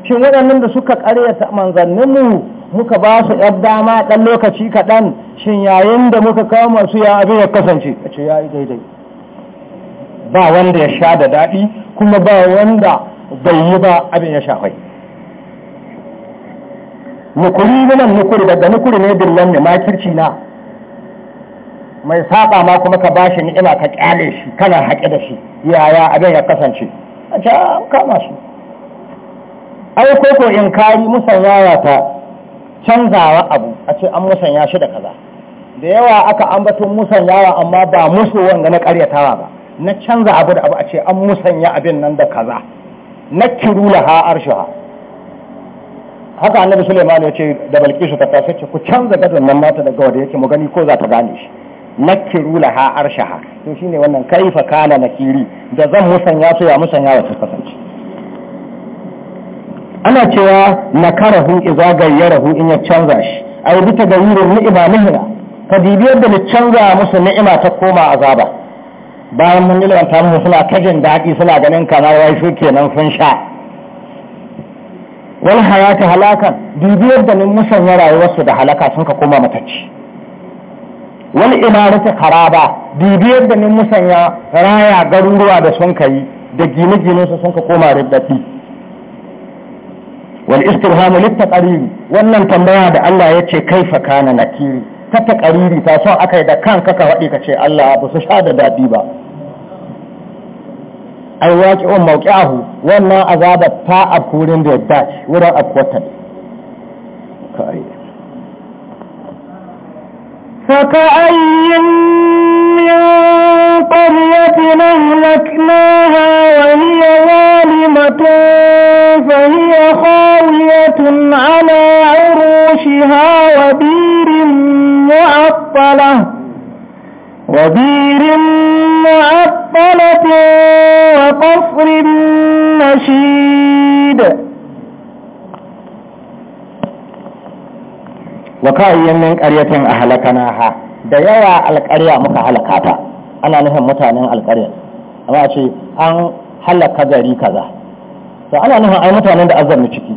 shin waɗannan da suka ƙaryata manzanninmu muka ba su ‘yar dama ɗan lokaci kaɗan shin yayin da muka kama su ya abin ya kasance a ce ya yi daidai ba wanda ya sha da daɗi kuma ba wanda bai yi ba abin ya shafai nukuri nan nukuri daga nukuri ne dillon ne makirci na mai saɓa ma kuma ka bashi ina ka ƙyale shi kana haƙe da shi yaya abin ya kasance a ce kama su ai ko ko kari musanyawa ta canzawa abu a ce an musanya shi da kaza da yawa aka ambaton musanyawa amma ba musu wanga na karyatawa ba na canza abu da abu a ce an musanya abin nan da kaza na kirula ha arshaha haka annabi Suleiman ya ce da Balkisu ta kasa ce ku canza gadon nan mata daga wanda yake mu gani ko za ta gane shi nakiru laha arshaha to shine wannan kaifa kana nakiri da zan musanya su ya musanya wa ta kasance ana cewa nakarahu idza gayyarahu in ya canza shi bita da tagayyurin ni'ima nihra ka dibi yadda na canza musu ni'ima ta koma azaba bayan mun lantar musu suna ta jin daɗi suna ganin kamar wai su kenan sun sha wal hayata halakan dibi yadda ni musanya rayuwarsu da halaka sun ka koma matacci wal imarata karaba dibi yadda musan musanya raya garuruwa da sun kai da gine-gine su sun ka koma riddati wal istirhamu lit taqariri wannan tambaya da Allah ya ce kaifa kana nakiri ta taqriri ta so akai da kanka ka wadi ka ce Allah ba su sha da dadi ba ai on mawqi'ahu wannan azabar ta akurin da yadda wurin akwatan kai فكأين قرية أهلكناها وهي ظالمة ضلالة وبير معطلة وقصر مشيد وكأين من قرية أهلكناها da yawa alƙarya muka halaka ta ana nufin mutanen alƙaryar amma ce an halaka gari kaza to ana nufin ai mutanen da azami ciki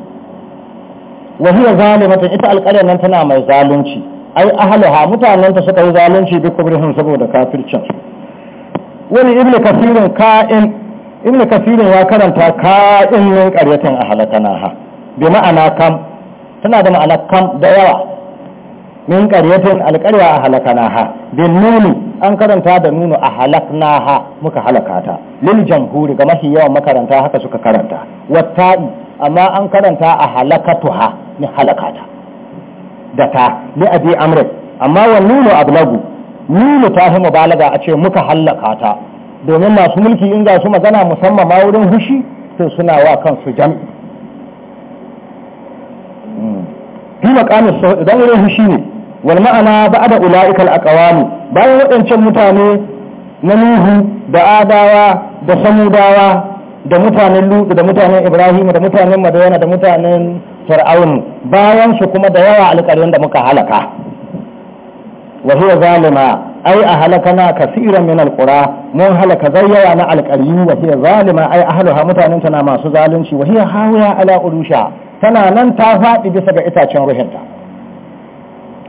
wa hiya zalimatun ita alƙaryar nan tana mai zalunci ai mutanen mutanenta suka yi zalunci bi kubrihin saboda kafircin wani ibnu kafirin ka'in ibnu kafirin ya karanta ka'in min qaryatin ha? bi ma'ana kam tana da ma'ana kam da yawa min qaryatin alqarya ha? bin nunu an karanta da nunu ha muka ta lil jamhuri ga mafi yawan makaranta haka suka karanta watta'i amma an karanta ahlakatuha ni halakata da ta a abi amrin amma wa nunu ablagu Nuno ta fi mubalaga a ce muka hallaka ta domin masu mulki in ga su magana musamman ma wurin hushi to suna wa kansu jam'i hmm. fi maqamis sau idan wurin hushi ne wal ma'ana ba'da ulaikal aqwami bayan wadancan mutane na nuhu da adawa da samudawa da mutanen lutu da mutanen ibrahim da mutanen madayana da mutanen fir'aun bayan su kuma da yawa alƙari da muka halaka wa huwa zalima ai a na kasiran min alqura mun halaka zayyawa na alƙaryu wa huwa zalima ai ahluha mutanen tana masu zalunci wa huwa hawiya ala urusha tana nan ta faɗi bisa ga itacen ruhinta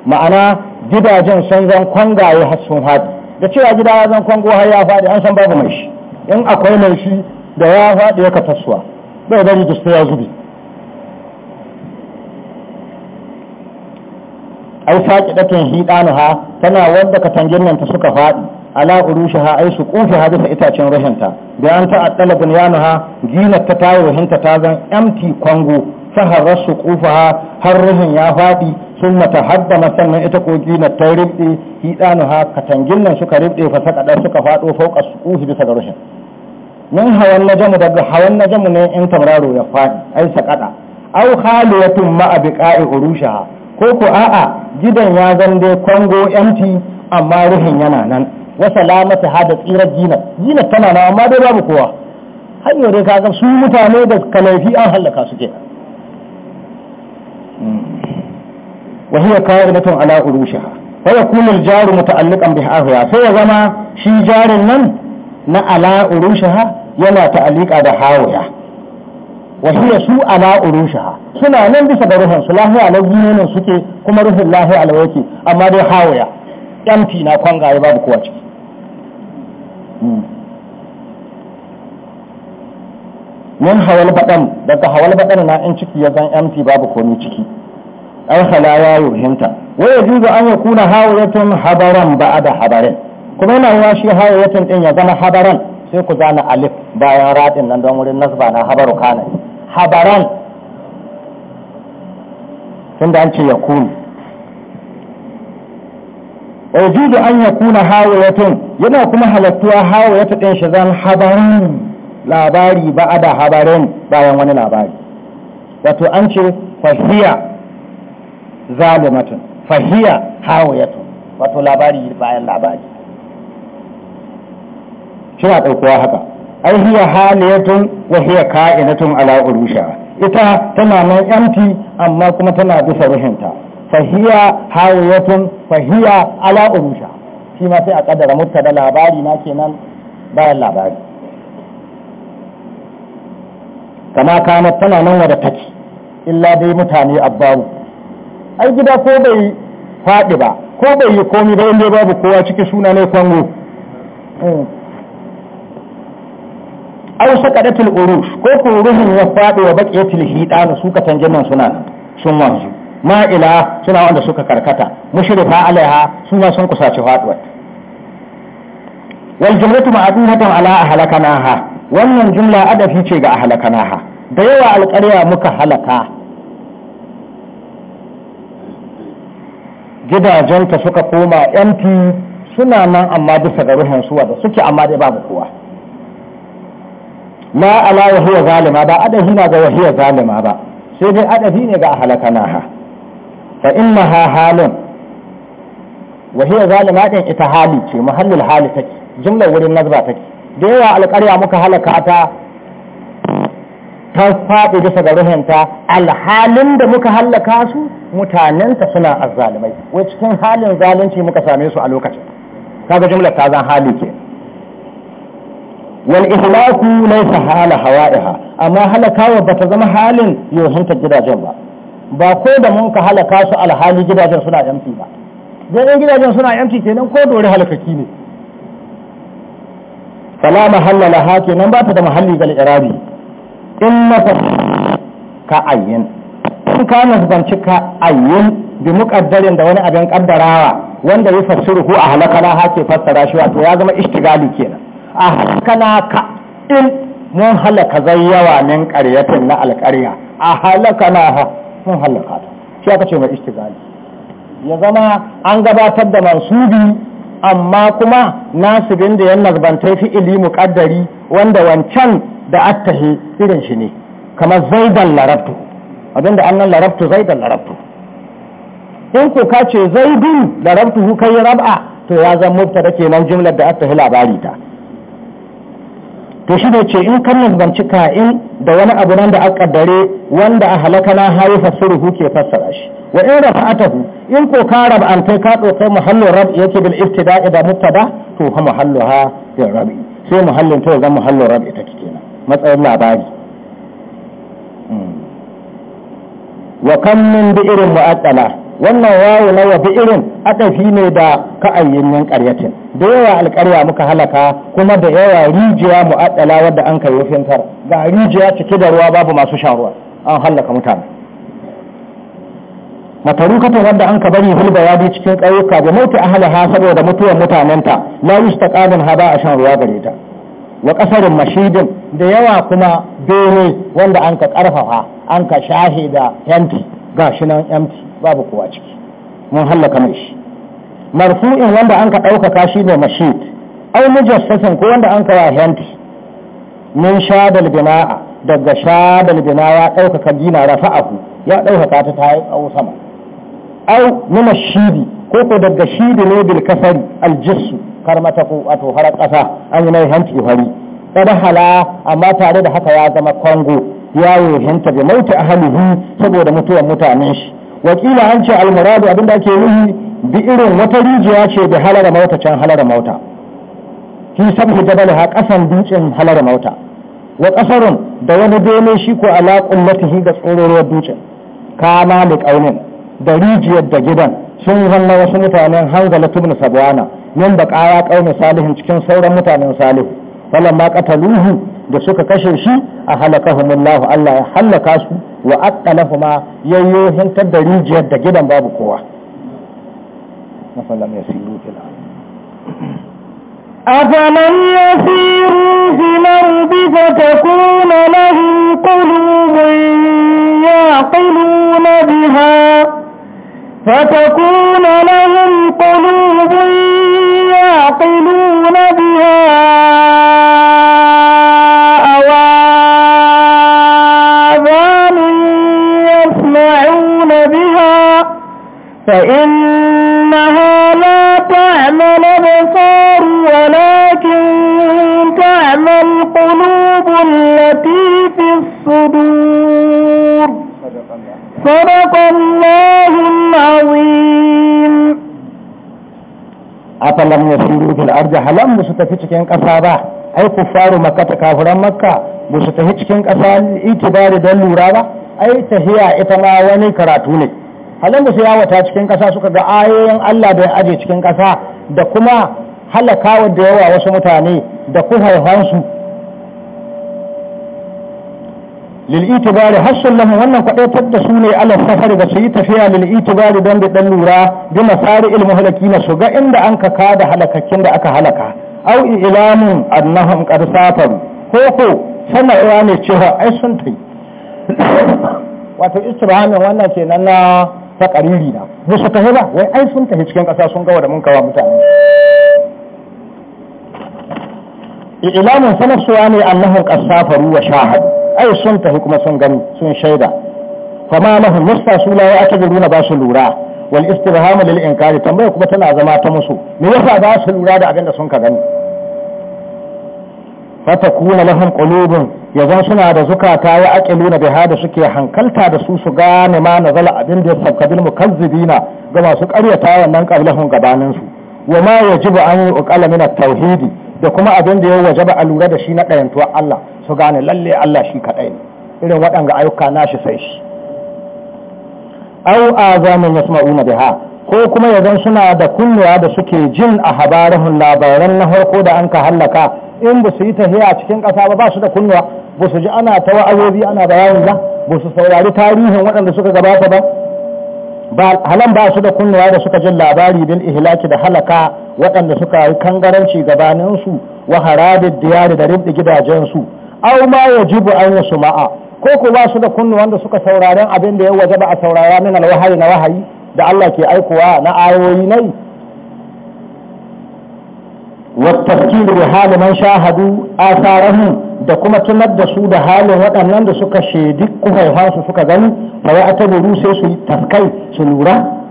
ma'ana gidajen sun zan kwangaye har sun faɗi da cewa gida ya zan kwango har ya faɗi an san babu mai shi in akwai mai shi da ya faɗi ya katasuwa bai bari da ya zube ai faqidatun ha tana wanda katangin nan ta suka fadi ala ha ai su kufi ha bisa itacen ruhinta bayan an ta addala bunyanuha ginar ta tayi ruhinta ta zan empty kwango saharar su kufa har ruhin ya faɗi sun ta haddama sannan ita ko na ta ribɗe ha katangin nan suka ribɗe fa saka suka faɗo fauka su kufi bisa ga ruhin min hawan najamu daga hawan najamu ne in tamraro ya faɗi ai sakaɗa au khaliyatun ma'a biqa'i urushaha ko ku a'a gidan ya zan dai kwango empty amma ruhin yana nan wa salamata hada tsirar jina jina tana nan amma dai babu kowa hanyar dai kaga su mutane da kalafi an hallaka su ke. Hmm. wa hiya qa'idatun ala urushiha fa yakunu al-jaru muta'alliqan bi ahwa sai ya zama shi jarin nan na ala urushiha yana ta'alliqa da hawaya wa hiya su ala urushaha suna nan bisa da ruhun su lahiya suke kuma ruhun lahiya ala yake amma dai hawaya empty na kwangaye babu kowa ciki min hmm. hawal baɗan daga hawal baɗan na in ciki ya zan empty babu komai ciki an halaya yuhinta waya juzu an ya kuna hawayatun habaran ba da habarin kuma yana yiwa shi hawayatun din ya zama habaran sai ku zana alif bayan radin nan don wurin nasba na habaru kana habaran tunda an ce ya kunu da an ya kuna hawayatun yana kuma halattuwa hawayata ɗin shi zan habaran labari ba a da habarin bayan wani labari wato an ce fahiya zalimatun fahiya hawayatun wato labari bayan labari shi na ɗaukowa haka ai hiya haliyatun wa hiya ka'inatun ala urusha ita tana nan empty amma kuma tana bisa ruhinta fa hiya haliyatun fa hiya ala urusha shi ma sai a kaddara mubtada labari na kenan bayan labari kama kana tana nan da take illa dai mutane abbaru. ai gida ko bai faɗi ba ko bai yi komi ba inda babu kowa ciki suna ne kwango hmm. aw da uruf ko ko ruhin ya fadi wa baqiyatul hidan su ka canje suna sun wanzu ila suna wanda suka karkata mushrifa alaiha suna sun kusaci faduwa wal jumlatu ma'dunatan ala ahlakanaha wannan jumla adafi ce ga ahlakanaha da yawa alƙarya muka halaka gidajenta suka koma yanti suna nan amma bisa ga ruhin suwa da suke amma dai babu kowa ma ala wa huwa zalima ba adafi na ga wahiya zalima ba sai dai adafi ne ga ha fa ha halun wahiya zalima din ita hali ce muhallil hali take jumla wurin nazba take da yawa alƙarya muka halaka ta ta faɗi bisa ga ruhinta alhalin da muka hallaka su mutanenta suna azzalimai wai cikin halin zalunci muka same su a lokacin kaga jumlar ta zan hali ke wal ihlaku laysa hala hawaiha amma halakawa bata zama halin yohinta gidajen ba ba ko da mun ka halaka su alhali gidajen suna yamci ba dan gidajen suna yamci kenan ko dore halakaki ne fala halala hake nan ba ta da mahalli ga irabi innaka ka ayyin in ka nasbanci ka ayyin bi muqaddarin da wani abin kaddarawa wanda ya fassiru ko a halaka ke fassara shi wato ya zama ishtigali kenan a ka in mun halaka zai yawa nan ƙaryatin na alƙarya a halaka na ha mun halaka ta shi aka ce mai istigali ya zama an gabatar da mansubi amma kuma bin da yan nazbantai fi'ili muƙaddari wanda wancan da attahi irin shi ne kamar zaidan larabtu abinda annan larabtu zaidan larabtu in ko ka ce zaidun larabtu kai rab'a to ya zan mubtada kenan jimlar da attahi labari ta to shi ne ce in kan nazarci ka'in da wani abu nan da aka dare wanda a halaka na hayi fassuru ke fassara shi wa in hu in ko ka rab'antai ka dokai muhallin rab yake bil ibtida'i da mubtada to fa muhalluha bil rabi sai muhallin to zan muhallu rab ita kenan matsayin labari hmm. wa kam min bi'rin mu'attala wannan wayo na wafi irin aka fi ne da ka'ayyin yin ƙaryatin da yawa alƙarya muka halaka kuma da yawa rijiya mu'addala wadda an kai rufin tar ga rijiya cike da ruwa babu masu shan ruwa an halaka mutane matarukatan wadda an ka bari hulba yadi cikin ƙauyuka da mauti ahalaha saboda mutuwar mutanenta la yustaqamin haba a shan ruwa gare ta wa ƙasarin mashidin da yawa kuma bene wanda an ka ƙarfafa an ka shahe da yanti ga shi nan empty babu kowa ciki mun hallaka mai shi marfu'in wanda an ka ɗaukaka shi ne mashid ai mujassasin ko wanda an kawa henti min shadal bina'a daga shadal bina ya ɗaukaka gina rafa'ahu ya ɗaukaka ta ta yi au sama au min shidi ko ko daga shidi ne bil kasari aljissu karmata ko wato har ƙasa an yi mai henti hari kada hala amma tare da haka ya zama kongo ya wehenta bi a halihu saboda mutuwar mutanen shi wakila an ce almuradu abinda ake yi bi irin wata rijiya ce da halar mauta can halar mauta fi sabhi jabalaha kasan dutsen halar mauta wa kasarun da wani bene shi ko ala kullatihi da tsororuwar dutsen kama da kaunin da rijiyar da gidan sun zanna wasu mutanen hangala tubna sabwana nan da kaya kaunin salihin cikin sauran mutanen salihu falamma qataluhu da suka kashe shi a halakahumullahu Allah ya halaka su wa aqalahuma yayyohin da rijiyar da gidan babu kowa afalam yasiru fil أفلم يسيروا في الأرض فتكون لهم قلوب يعقلون بها فتكون لهم قلوب يعقلون بها فإنها لا تعمى الأبصار ولكن تعمى القلوب التي في الصدور صدق الله العظيم أفلم يسيروا في الأرض هل أم بستفيت كين كفابا أي كفار مكة كافر مكة بستفيت كين كفال إتبار دلورا أي تهيئة إتما وني كراتوني da su yawata cikin ƙasa suka ga ayoyin Allah da ya aje cikin ƙasa da kuma halakawa da yawa wasu mutane da kuhaifansu lil'itibari hassun lamun wannan kwaɗe da su ne alal safari da su yi tafiya lil'itibari don da ɗan lura bi masari ilmuhalaki na su ga inda an ka da halakakkin da aka halaka au ilamin annahum qad safaru ko sanarwa ne cewa ai sun tai wato istibhamin wannan kenan na ta ƙariri na ba su tafi ba wai ai sun tafi cikin ƙasa sun gawa da mun mutane ilamin sanarsuwa ne annahun ƙasafaru wa shahadu ai sun tafi kuma sun gani sun shaida kama lahun musta su la ya nuna ba su lura wal istirhamu lil inkari tambaya kuma tana zama ta musu me yasa ba su lura da abin da sun ka gani fatakuna lahan qulubun yazan suna da zukata ya na biha da suke hankalta da su su gane ma zala abin da ya sabka bil mukazzibina ga masu karyata wannan qablahum gabanin su wa ma yajibu an yuqala min at-tauhidi da kuma abin da ya wajaba a lura da shi na ɗayantuwar Allah su gane lalle Allah shi kaɗai ne irin waɗanga ayyuka nashi sai shi au azamin yasma'una biha ko kuma ya zan suna da kunnuwa da suke jin a habarihun labaran na harko da an ka hallaka in ba su yi tahiya cikin ƙasa ba ba su da kunnuwa ba su ji ana ta wa'ayobi ana bayanin ba ba su saurari tarihin waɗanda suka gabata ba halan ba su da kunnuwa da suka jin labari bil ihlaki da halaka waɗanda suka yi kangaranci gabaninsu wa harabin diyari da rindi gidajensu au ma yajibu an ma'a ko ku ba su da kunnuwan da suka sauraren abin da ya waje ba a saurara min alwahayi na wahayi da Allah ke aikowa na ayoyi nai والتفكير بحال shahadu a آثارهم da kuma tunar da su da halin waɗannan da suka shaidi kuhaiha su suka gani fa ya ta buru sai su tafkai su lura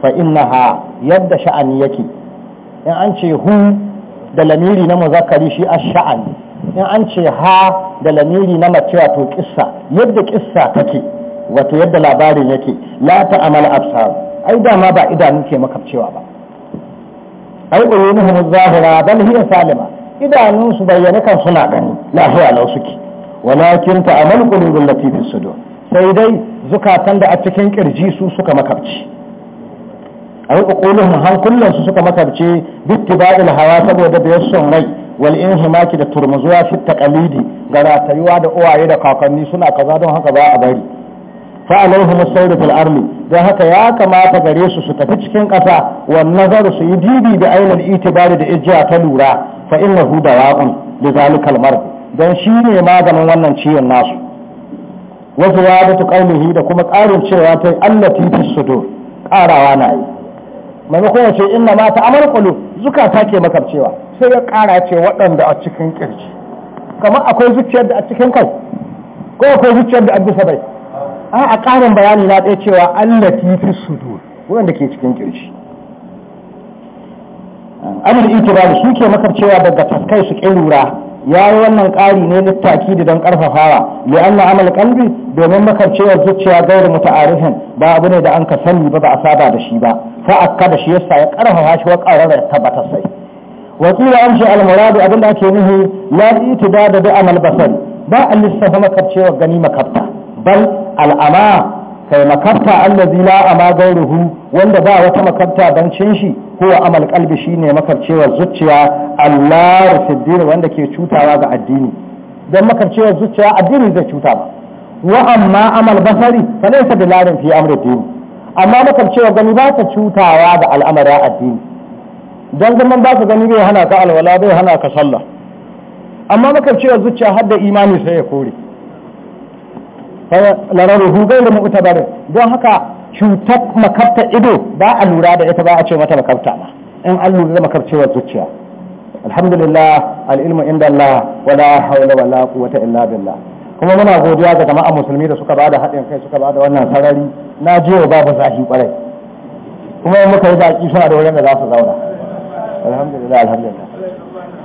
fa innaha yadda sha'ani yake in an ce hu da lamiri na muzakari shi a sha'ani in an ce ha da lamiri na mace wato kissa yadda kissa take wato yadda labarin yake la amala absar ai dama ba idanun ke makabcewa ba ai uyunuhum zahira bal hiya salima idanun su bayyana kan suna gani lafiya lau suke walakin amal qulubul latifi sudur sai dai zukatan da a cikin kirji su suka makabci ai uquluhum kullun su suka makabce bittiba'il hawa saboda da son rai wal inhimaki da turmuzuwa fi taqalidi ga ratayuwa da uwaye da kakanni suna kaza don haka ba a bari fa'alaihim as-sayru fil ardi don haka ya kamata gare su su tafi cikin ƙasa wan nazaru su yi dibi da ainihin itibari da ijja ta lura fa innahu dawa'un li zalika kalmar don dan shine maganin wannan ciwon nasu wa ziyadatu qawlihi da kuma ƙarin cewa ta allati fi sudur ƙarawa na yi maimakon ya ce inna ma ta'amar qulub zukata ke makarcewa sai ya ƙara ce waɗanda a cikin kirji kamar akwai zuciyar da a cikin kai ko akwai zuciyar da a bisa bai a a ƙarin bayani na ɗaya cewa allati fi sudur wanda ke cikin kirshi amur itibari shi ke makarcewa daga taskai su ƙirura ya yi wannan ƙari ne littaki da don ƙarfafawa li anna amal kalbi domin makarcewar zuciya a muta'arifin ba abu ne da an ka sani ba ba a saba da shi ba fa akka da shi yasa ya ƙarfafa shi wa ya tabbatar sai wakila an ce almuradu abinda ake nuhi la itida da da amal basari ba a lissafa makarcewar gani makabta bal al'ama kai makabta allazi la ama gairuhu wanda ba wata makarta don cin shi ko amal kalbi shine makarcewar zuciya Allah fiddin wanda ke cutawa ga addini don makarcewar zuciya addini zai cuta ba wa amma amal basari fa laysa bi larin fi amri amma makarcewar gani ba cutawa ga addini don zaman ba ka gani bai hana ka alwala bai hana ka sallah amma makarcewar zuciya har da imani sai ya kore lararruhu, lararuhu gairu mu'tabarin don haka cutar makabta ido ba a lura da ita ba a ce mata makabta ma in an lura da makabcewar zuciya alhamdulillah al'ilmu inda Allah wala haula wala quwwata illa billah kuma muna godiya ga jama'a musulmi da suka bada haɗin kai suka bada wannan sarari na je babu zafi kwarai kuma muka yi baki suna da wurin da za su zauna alhamdulillah alhamdulillah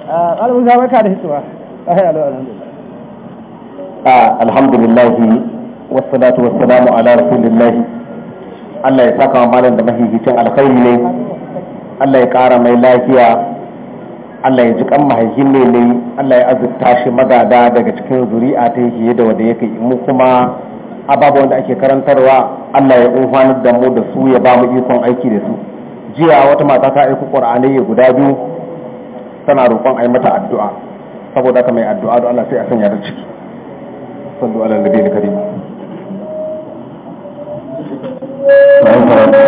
alhamdulillah barka da hitowa alhamdulillah A لله والصلاة والسلام على Allah ya saka malam da mahaifin alkhairi ne Allah ya ƙara mai lafiya Allah ya ji kan mahaifin ne ne Allah ya azurta shi magada daga cikin zuri'a ta yake da wanda kai mu kuma babu wanda ake karantarwa Allah ya umfanar da mu da su ya ba mu ikon aiki da su jiya wata mata ta aiko qur'ani ya guda biyu tana roƙon a yi mata addu'a saboda ka mai addu'a da Allah sai a sanya da ciki صلوا على النبي الكريم Thank you.